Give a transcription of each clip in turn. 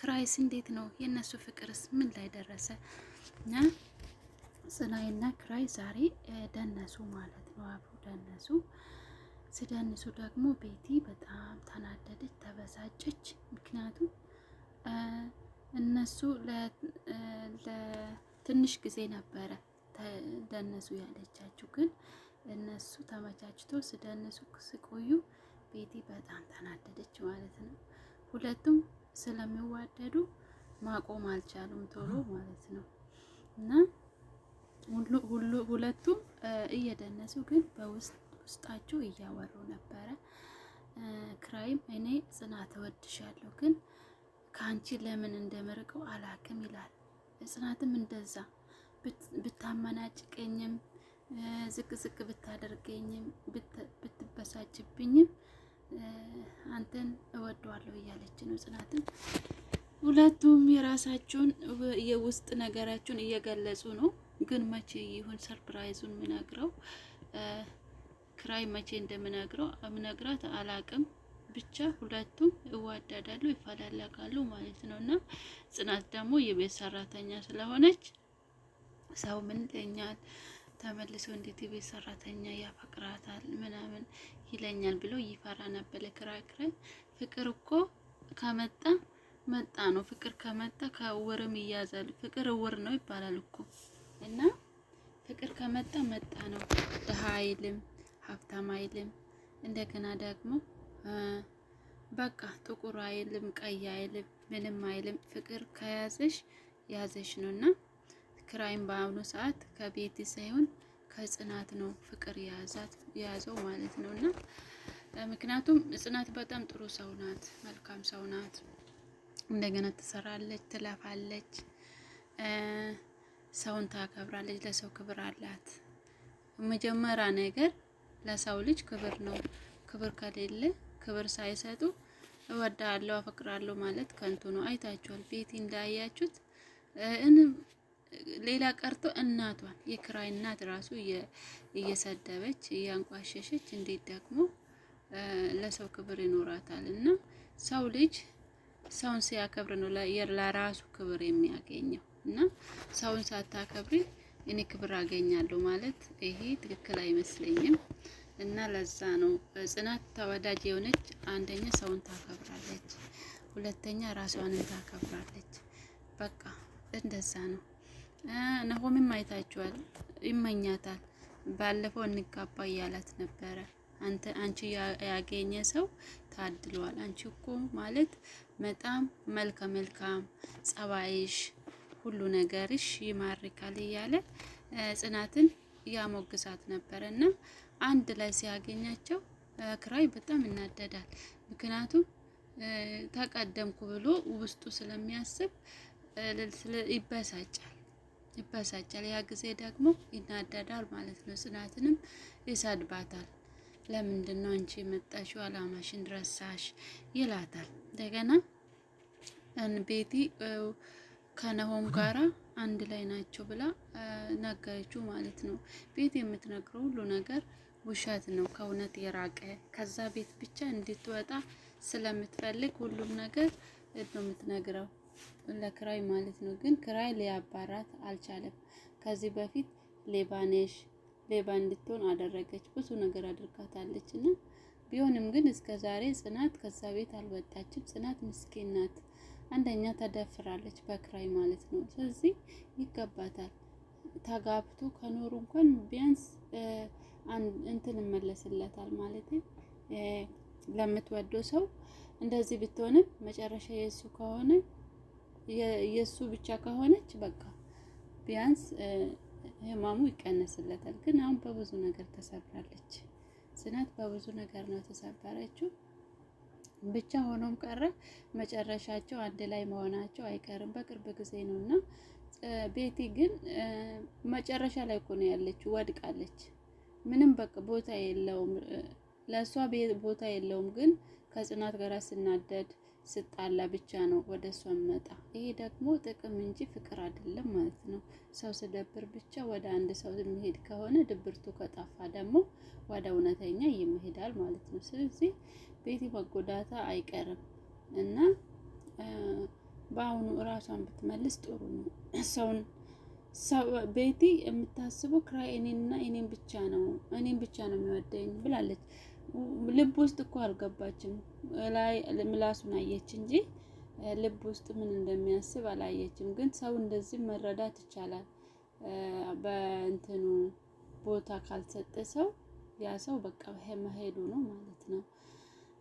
ክራይስ እንዴት ነው? የእነሱ ፍቅርስ ምን ላይ ደረሰ? እና ጽናይና ክራይ ዛሬ ደነሱ ማለት ነው። አብሮ ደነሱ። ስደንሱ ደግሞ ቤቲ በጣም ተናደደች፣ ተበሳጨች። ምክንያቱም እነሱ ለትንሽ ጊዜ ነበረ ደነሱ ያለቻችሁ፣ ግን እነሱ ተመቻችቶ ስደንሱ ስቆዩ ቤቲ በጣም ተናደደች ማለት ነው ሁለቱም ስለሚዋደዱ ማቆም አልቻሉም ቶሎ ማለት ነው እና ሁሉ ሁለቱም እየደነሱ ግን በውስጥ ውስጣቸው እያወሩ ነበረ። ክራይም እኔ ጽናት እወድሻለሁ ግን ከአንቺ ለምን እንደምርቀው አላክም ይላል። ጽናትም እንደዛ ብታመናጭቀኝም ዝቅ ዝቅ ብታደርገኝም ብትበሳጭብኝም አንተን እወደዋለሁ እያለች ነው ጽናትን። ሁለቱም የራሳቸውን የውስጥ ነገራቸውን እየገለጹ ነው። ግን መቼ ይሁን ሰርፕራይዙን የምነግረው ክራይ መቼ እንደምነግረው ምነግራት አላቅም። ብቻ ሁለቱም እዋዳዳሉ ይፈላለጋሉ ማለት ነው። እና ጽናት ደግሞ የቤት ሰራተኛ ስለሆነች ሰው ምን ይለኛል ተመልሶ እንዴት የቤት ሰራተኛ ያፈቅራታል ምናምን ይለኛል ብሎ ይፈራ ነበር። ክራክረን ፍቅር እኮ ከመጣ መጣ ነው። ፍቅር ከመጣ ከእውርም ይያዛል። ፍቅር እውር ነው ይባላል እኮ እና ፍቅር ከመጣ መጣ ነው። ድሃ አይልም፣ ሀብታም አይልም። እንደገና ደግሞ በቃ ጥቁር አይልም፣ ቀይ አይልም፣ ምንም አይልም። ፍቅር ከያዘሽ ያዘሽ ነውና ክራይም በአሁኑ ሰዓት ከቤቲ ሳይሆን ከጽናት ነው ፍቅር የያዘው ማለት ነው። እና ምክንያቱም ጽናት በጣም ጥሩ ሰው ናት፣ መልካም ሰው ናት። እንደገና ትሰራለች፣ ትለፋለች፣ ሰውን ታከብራለች፣ ለሰው ክብር አላት። መጀመሪያ ነገር ለሰው ልጅ ክብር ነው። ክብር ከሌለ ክብር ሳይሰጡ እወዳለሁ አፈቅራለሁ ማለት ከንቱ ነው። አይታችኋል ቤቲ እንዳያችሁት ሌላ ቀርቶ እናቷን የክራይ እናት ራሱ እየሰደበች እያንቋሸሸች፣ እንዴት ደግሞ ለሰው ክብር ይኖራታል? እና ሰው ልጅ ሰውን ሲያከብር ነው ለራሱ ክብር የሚያገኘው። እና ሰውን ሳታከብሪ እኔ ክብር አገኛለሁ ማለት ይሄ ትክክል አይመስለኝም። እና ለዛ ነው ጽናት ተወዳጅ የሆነች አንደኛ ሰውን ታከብራለች፣ ሁለተኛ ራሷንም ታከብራለች። በቃ እንደዛ ነው። ነሆምም አይታችኋል፣ ይመኛታል። ባለፈው እንጋባ እያላት ነበረ። አንተ አንቺ ያገኘ ሰው ታድሏል። አንቺ እኮ ማለት በጣም መልከ መልካም ጸባይሽ፣ ሁሉ ነገርሽ ይማርካል እያለ ጽናትን እያሞግሳት ነበረ እና አንድ ላይ ሲያገኛቸው ክራይ በጣም እናደዳል። ምክንያቱም ተቀደምኩ ብሎ ውስጡ ስለሚያስብ ይበሳጫል። ይበሳጫል። ያ ጊዜ ደግሞ ይናደዳል ማለት ነው። ጽናትንም ይሰድባታል። ለምንድን ነው አንቺ የመጣሽው? አላማሽን ረሳሽ ይላታል። እንደገና ቤቲ ከነሆም ጋራ አንድ ላይ ናቸው ብላ ነገረችው ማለት ነው። ቤት የምትነግረው ሁሉ ነገር ውሸት ነው፣ ከእውነት የራቀ ከዛ ቤት ብቻ እንድትወጣ ስለምትፈልግ ሁሉም ነገር ነው የምትነግረው። ለክራይ ማለት ነው። ግን ክራይ ሊያባራት አልቻለም። ከዚህ በፊት ሌባነሽ ሌባ እንድትሆን አደረገች። ብዙ ነገር አድርጋታለች እና ቢሆንም ግን እስከ ዛሬ ጽናት ከዛ ቤት አልወጣችም። ጽናት ምስኪን ናት። አንደኛ ተደፍራለች በክራይ ማለት ነው። ስለዚህ ይገባታል። ተጋብቶ ከኖሩ እንኳን ቢያንስ እንትን እመለስለታል ማለት ለምትወደው ሰው እንደዚህ ብትሆንም መጨረሻ የሱ ከሆነ የእሱ ብቻ ከሆነች በቃ ቢያንስ ህማሙ ይቀነስለታል። ግን አሁን በብዙ ነገር ተሰብራለች። ጽናት በብዙ ነገር ነው ተሰበረችው ብቻ ሆኖም ቀረ መጨረሻቸው አንድ ላይ መሆናቸው አይቀርም በቅርብ ጊዜ ነው እና ቤቲ ግን መጨረሻ ላይ እኮ ነው ያለችው። ወድቃለች። ምንም በቃ ቦታ የለውም ለእሷ ቦታ የለውም። ግን ከጽናት ጋር ስናደድ ስጣላ ብቻ ነው ወደ እሷ መጣ። ይሄ ደግሞ ጥቅም እንጂ ፍቅር አይደለም ማለት ነው። ሰው ስደብር ብቻ ወደ አንድ ሰው የሚሄድ ከሆነ ድብርቱ ከጠፋ ደግሞ ወደ እውነተኛ ይመሄዳል ማለት ነው። ስለዚህ ቤቲ መጎዳታ አይቀርም እና በአሁኑ እራሷን ብትመልስ ጥሩ ነው። ሰውን ቤቲ የምታስበው ክራይ እኔና እኔን ብቻ ነው እኔን ብቻ ነው የሚወደኝ ብላለች። ልብ ውስጥ እኮ አልገባችም። ላይ ምላሱን አየች እንጂ ልብ ውስጥ ምን እንደሚያስብ አላየችም። ግን ሰው እንደዚህ መረዳት ይቻላል። በእንትኑ ቦታ ካልሰጠ ሰው ያ ሰው በቃ መሄዱ ነው ማለት ነው።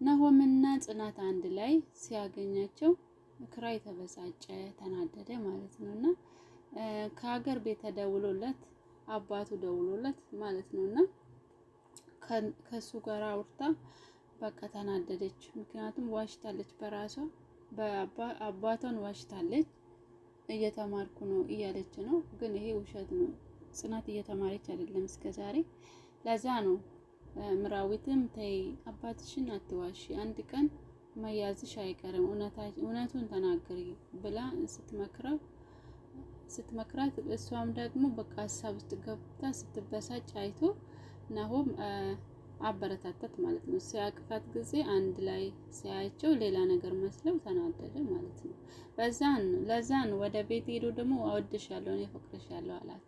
ናሆምና ጽናት አንድ ላይ ሲያገኛቸው ክራይ ተበሳጨ፣ ተናደደ ማለት ነው እና ከሀገር ቤት ተደውሎለት አባቱ ደውሎለት ማለት ነው እና ከእሱ ጋር አውርታ በቃ ተናደደች። ምክንያቱም ዋሽታለች፣ በራሷ አባቷን ዋሽታለች። እየተማርኩ ነው እያለች ነው፣ ግን ይሄ ውሸት ነው። ጽናት እየተማረች አይደለም እስከ ዛሬ። ለዛ ነው ምራዊትም ተይ አባትሽን አትዋሽ፣ አንድ ቀን መያዝሽ አይቀርም፣ እውነቱን ተናገሪ ብላ ስትመክረው ስትመክራት እሷም ደግሞ በቃ ሀሳብ ውስጥ ገብታ ስትበሳጭ አይቶ ናሆም አበረታታት ማለት ነው። ሲያቅፋት ጊዜ አንድ ላይ ሲያያቸው ሌላ ነገር መስለው ተናደደ ማለት ነው። በዛን ለዛን ወደ ቤት ሄዶ ደግሞ እወድሻለሁ እኔ ያለው አላት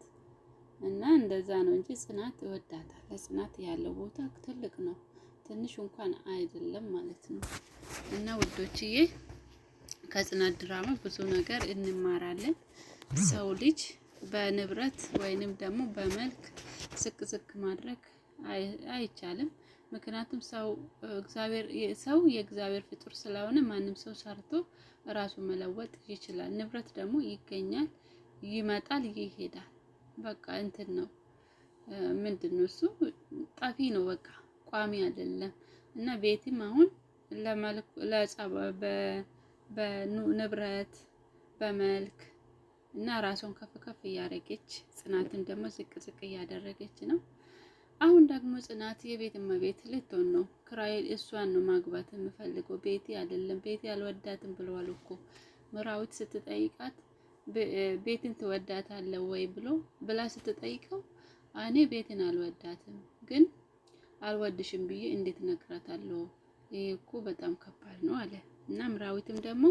እና እንደዛ ነው እንጂ ጽናት እወዳታል። ለጽናት ያለው ቦታ ትልቅ ነው፣ ትንሽ እንኳን አይደለም ማለት ነው። እና ውዶችዬ ከጽናት ድራማ ብዙ ነገር እንማራለን ሰው ልጅ በንብረት ወይንም ደግሞ በመልክ ዝቅ ዝቅ ማድረግ አይቻልም። ምክንያቱም ሰው እግዚአብሔር ሰው የእግዚአብሔር ፍጡር ስለሆነ ማንም ሰው ሰርቶ ራሱ መለወጥ ይችላል። ንብረት ደግሞ ይገኛል፣ ይመጣል፣ ይሄዳል። በቃ እንትን ነው ምንድን ነው እሱ ጠፊ ነው፣ በቃ ቋሚ አይደለም። እና ቤትም አሁን ለመልኩ ለጸባ በንብረት በመልክ እና ራሷን ከፍ ከፍ እያደረገች ጽናትን ደግሞ ዝቅ ዝቅ እያደረገች ነው። አሁን ደግሞ ጽናት የቤት እመቤት ልትሆን ነው። ክራይ እሷን ነው ማግባት የምፈልገው ቤቴ አይደለም ቤቴ አልወዳትም ብለዋል እኮ ምራዊት ስትጠይቃት ቤትን ትወዳታለህ ወይ ብሎ ብላ ስትጠይቀው እኔ ቤትን አልወዳትም ግን አልወድሽም ብዬ እንዴት እነግራታለሁ? ይሄ እኮ በጣም ከባድ ነው አለ እና ምራዊትም ደግሞ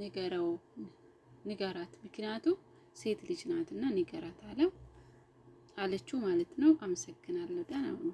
ንገረው ንገራት፣ ምክንያቱም ሴት ልጅ ናትና ንገራት አለው አለችው ማለት ነው። አመሰግናለሁ። ደህና ሁኑ።